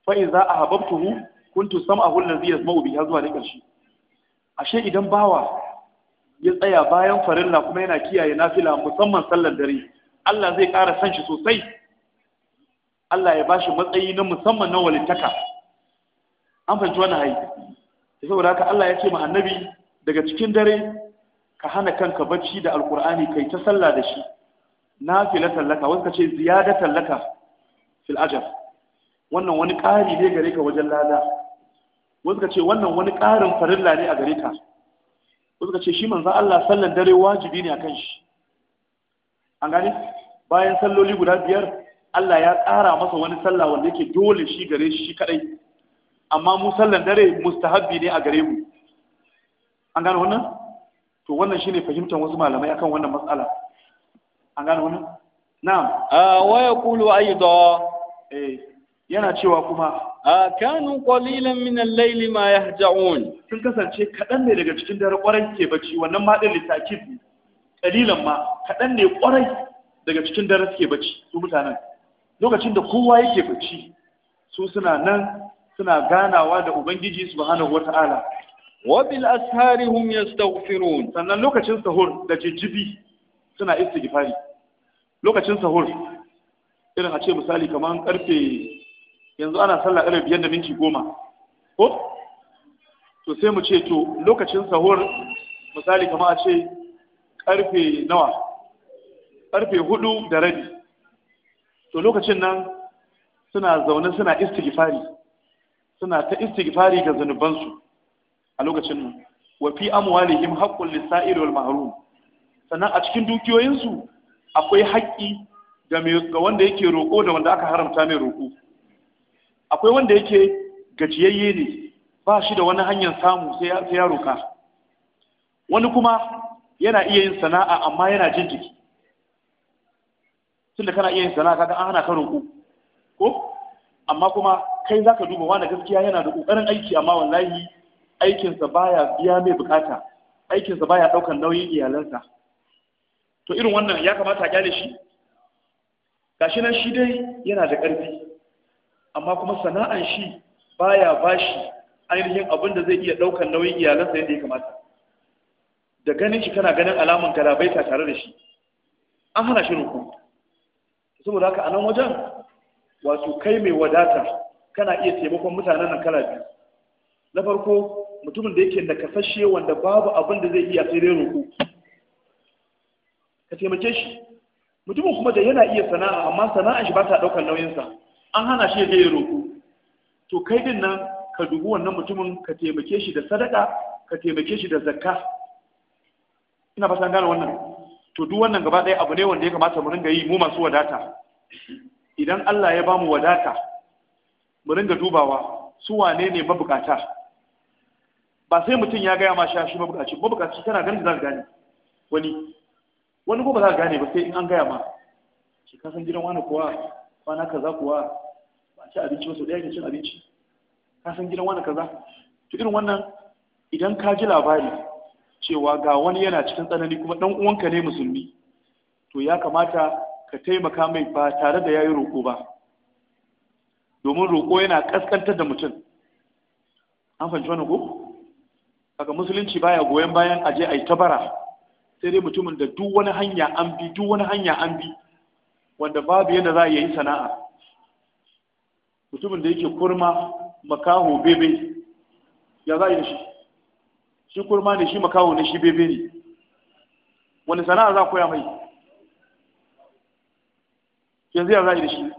fa idza ahabbtuhu kuntu sam'ahu allazi yasma'u bihi zuwa da ƙarshe ashe idan bawa ya tsaya bayan farilla kuma yana kiyaye nafila musamman sallar dare Allah zai ƙara san shi sosai Allah ya bashi matsayi na musamman na walittaka an fahimci wannan hayi saboda haka Allah ya ce ma annabi daga cikin dare ka hana kanka bacci da alkur'ani kai ta sallah da shi fila tallaka wasu ce ziyada tallaka fil ajr wannan wani ƙari ne gare ka wajen lada wasu ce wannan wani ƙarin farilla ne a gare ka wasu ce shi manzo Allah sallan dare wajibi ne akan shi an gane bayan salloli guda biyar Allah ya ƙara masa wani sallah wanda yake dole shi gare shi kadai amma mu sallan dare mustahabbi ne a gare mu an gane wannan to wannan shine fahimtar wasu malamai akan wannan matsala an gane wannan na'am wa yaqulu ayda eh yana cewa kuma kanu qalilan min al-layli ma yahja'un sun kasance kadan ne daga cikin dare kwarai ke bacci wannan ma din litakid ne kalilan ma kadan ne kwarai daga cikin dare suke bacci su mutanen lokacin da kowa yake bacci su suna nan suna ganawa da ubangiji subhanahu wata'ala wa bil ashari hum yastaghfirun sannan lokacin sahur da jijjibi suna istighfari lokacin sahur irin a ce misali kamar karfe yanzu ana sallah irin biyar da minti goma ko to sai mu ce to lokacin sahur misali kamar a ce karfe nawa karfe hudu da rabi to lokacin nan suna zaune suna istighfari suna ta istighfari ga zanubansu a lokacin wa fi amwalihim haqqul lisa'il wal mahrum sannan a cikin dukiyoyinsu akwai haƙƙi ga ga wanda yake roƙo da wanda aka haramta mai roƙo akwai wanda yake gajiyayye ne ba shi da wani hanyar samu sai ya roƙa wani kuma yana iya yin sana'a amma yana jin jiki tunda kana iya yin sana'a kaga an hana ka roƙo ko amma kuma kai za ka duba wanda gaskiya yana da ƙoƙarin aiki amma wallahi aikinsa baya biya mai bukata aikinsa baya ɗaukar nauyin iyalansa to irin wannan ya kamata a kyale shi gashi nan shi dai yana da ƙarfi amma kuma sana'an shi baya bashi ainihin abin da zai iya ɗaukar nauyin iyalansa yadda ya kamata da ganin shi kana ganin alamun galabaita tare da shi an hana shi rukun saboda haka a nan wajen wato kai mai wadata kana iya taimakon mutanen nan kala biyu na farko mutumin da yake da kasashe wanda babu abin da zai iya sai dai roƙo ka taimake shi mutumin kuma da yana iya sana'a amma sana'a shi ba ta ɗaukar nauyinsa an hana shi ya roƙo to kai din nan ka dubi wannan mutumin ka taimake shi da sadaka ka taimake shi da zakka ina fasa gane wannan to duk wannan gaba ɗaya abu ne wanda ya kamata mu ringa yi mu masu wadata idan Allah ya bamu wadata mu ringa dubawa su wane ne mabukata ba sai mutum ya gaya ma shi shi mabukaci mabukaci tana ganin da za ka gane wani wani ko ba za ka gane ba sai in an gaya ma shi ka san gidan wani kuwa kwana kaza kuwa ba ci abinci ba sau ɗaya ke cin abinci ka san gidan wani kaza to irin wannan idan ka ji labari cewa ga wani yana cikin tsanani kuma dan uwanka ne musulmi to ya kamata ka taimaka mai ba tare da ya yi roƙo ba domin roƙo yana ƙasƙantar da mutum an fahimci wani ko daga musulunci baya goyon bayan aje a yi tabara sai dai mutumin da duk wani hanya an bi duk wani hanya an bi wanda babu yadda za a yi sana'a mutumin da yake kurma makaho bebe ya za a yi da shi shi kurma ne shi makaho ne shi bebe ne wani sana'a za a koya mai yanzu ya zai da shi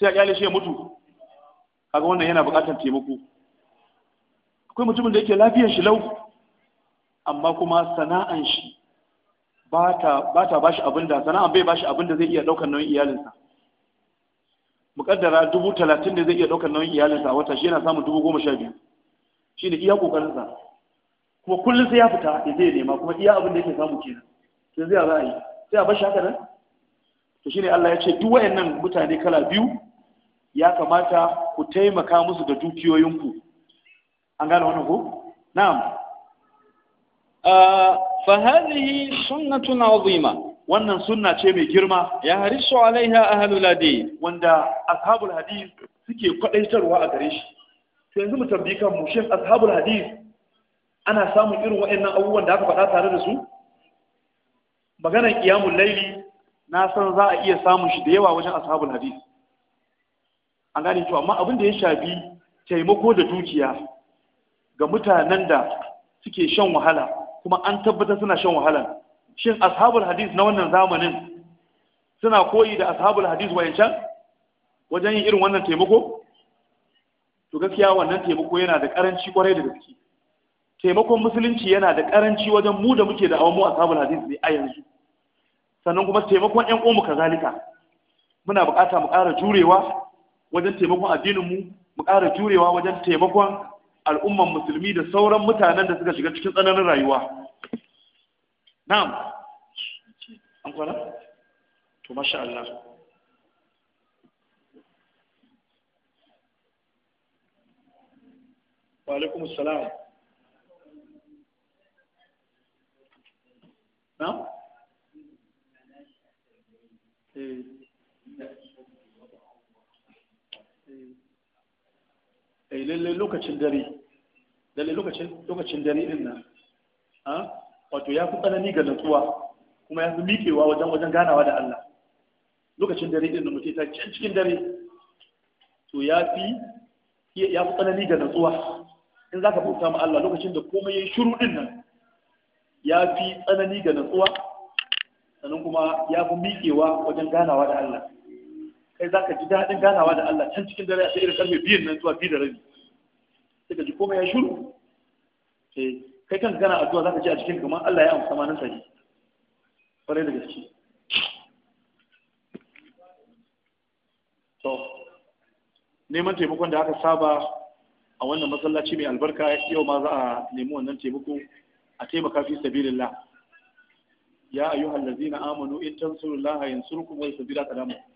sai a kyale shi ya mutu kaga wannan yana buƙatar taimako akwai mutumin da yake lafiyar shi lau amma kuma sana'an shi ba ta ba shi abin da sana'an bai ba shi abin da zai iya daukar nauyin iyalinsa muƙaddara dubu talatin da zai iya daukar nauyin iyalinsa a wata shi yana samun dubu goma sha biyu shi ne iya ƙoƙarinsa kuma kullum sai ya fita ya zai nema kuma iya abin da yake samu kenan sai zai za a yi sai a bar shi haka nan to shine Allah ya ce duk wayannan mutane kala biyu ya kamata ku taimaka musu da dukiyoyinku an gane wannan ko na'am fa hadhihi sunnatun azima wannan sunna ce mai girma ya harisu alaiha ahlul hadith wanda ashabul hadith suke kwadaitarwa a gare shi to yanzu mu tambayi kan mu shin ashabul hadith ana samun irin wayannan abubuwan da aka faɗa tare da su maganar qiyamul layli na san za a iya samun shi da yawa wajen ashabul hadis an gane to amma abin da ya shafi taimako da dukiya ga mutanen da suke shan wahala kuma an tabbatar suna shan wahala shin ashabul hadis na wannan zamanin suna koyi da ashabul hadis wayancan wajen yin irin wannan taimako to gaskiya wannan taimako yana da karanci kwarai da gaske taimakon musulunci yana da karanci wajen mu da muke da awon mu ashabul hadis ne a yanzu sannan kuma taimakon ƴan uwanmu zalika muna buƙata mu ƙara jurewa wajen taimakon addininmu mu ƙara jurewa wajen taimakon al'umman musulmi da sauran mutanen da suka shiga cikin tsananin rayuwa na'am an kwana to masha Allah wa alaikum assalam na'am Eh, eh lalle lokacin dare lalle lokacin lokacin dare din nan ha ah, wato ya fi tsanani ga natsuwa kuma ya fi miƙewa wajen wajen ganawa da Allah lokacin dare din nan mutum ta can cikin dare to ya fi ya fi tsanani ga natsuwa in za ka bauta ma Allah lokacin da komai ya yi shiru din nan ya fi tsanani ga natsuwa sannan kuma ya fi miƙewa wajen ganawa da Allah kai za ka ji daɗin ganawa da Allah can cikin dare a irin karfe biyun nan zuwa biyu da rabi sai ka ji komai ya shiru eh, kai kan gana addu'a za ka ji a cikin kamar Allah ya amsa ma nan sai kwarai da gaske to neman taimakon da aka saba a wannan masallaci mai albarka yau ma za a nemi wannan taimako a taimaka fi sabilillah ya ayyuhal ladzina amanu in tansurullaha yansurkum wa yusabbit qadamakum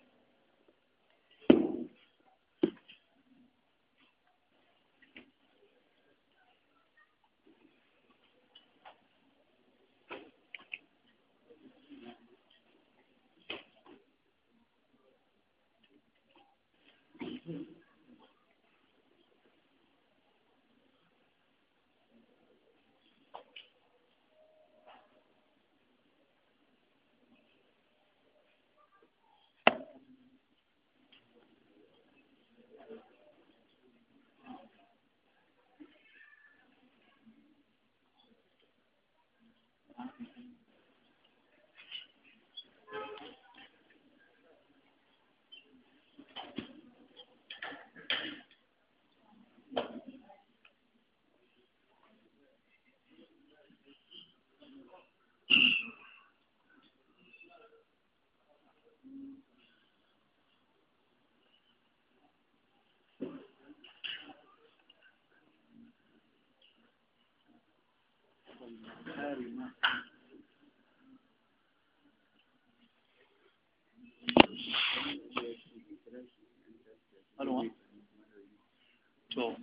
Hello. 12.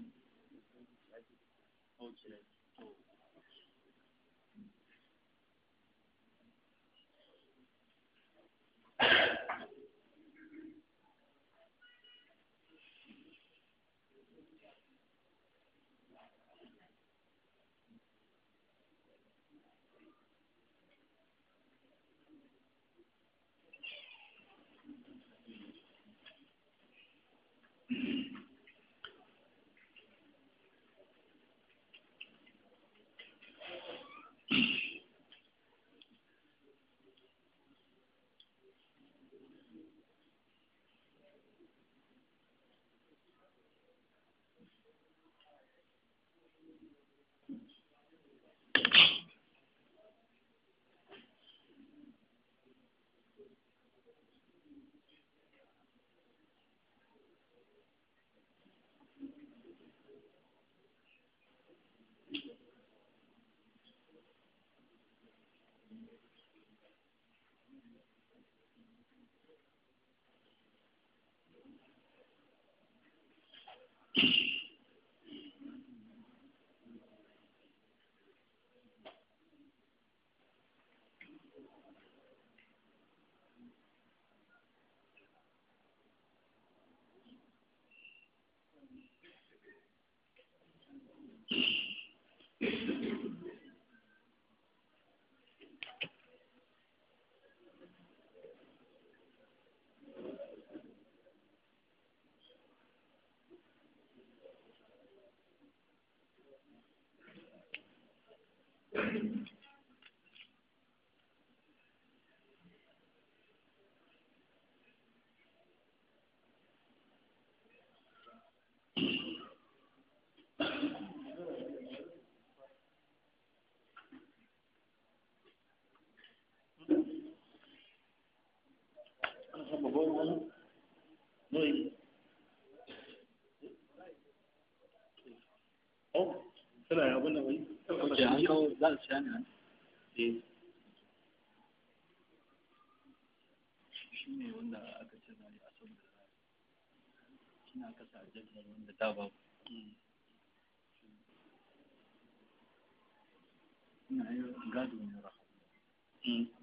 owó lórí. da wani? Ya a Shi ne wanda aka ce na a son da shi kasa a wanda ta yi gado ne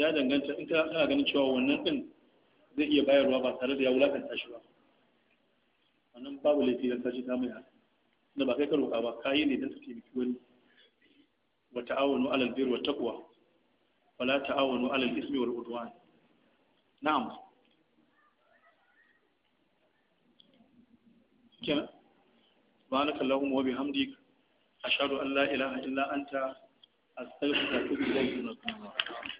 ya danganta in kana ganin cewa wannan din zai iya bayarwa ba tare da ya wulakanta shi ba wannan babu laifi don kashi ta mai haka da ba kai ka roƙa ba kayi ne don su taimaki wani wa ta'awanu alal birri wa taqwa wa la ta'awanu alal ismi wal udwan na'am kenan subhanaka allahumma wa bihamdik ashhadu an la ilaha illa anta astaghfiruka wa atubu ilayk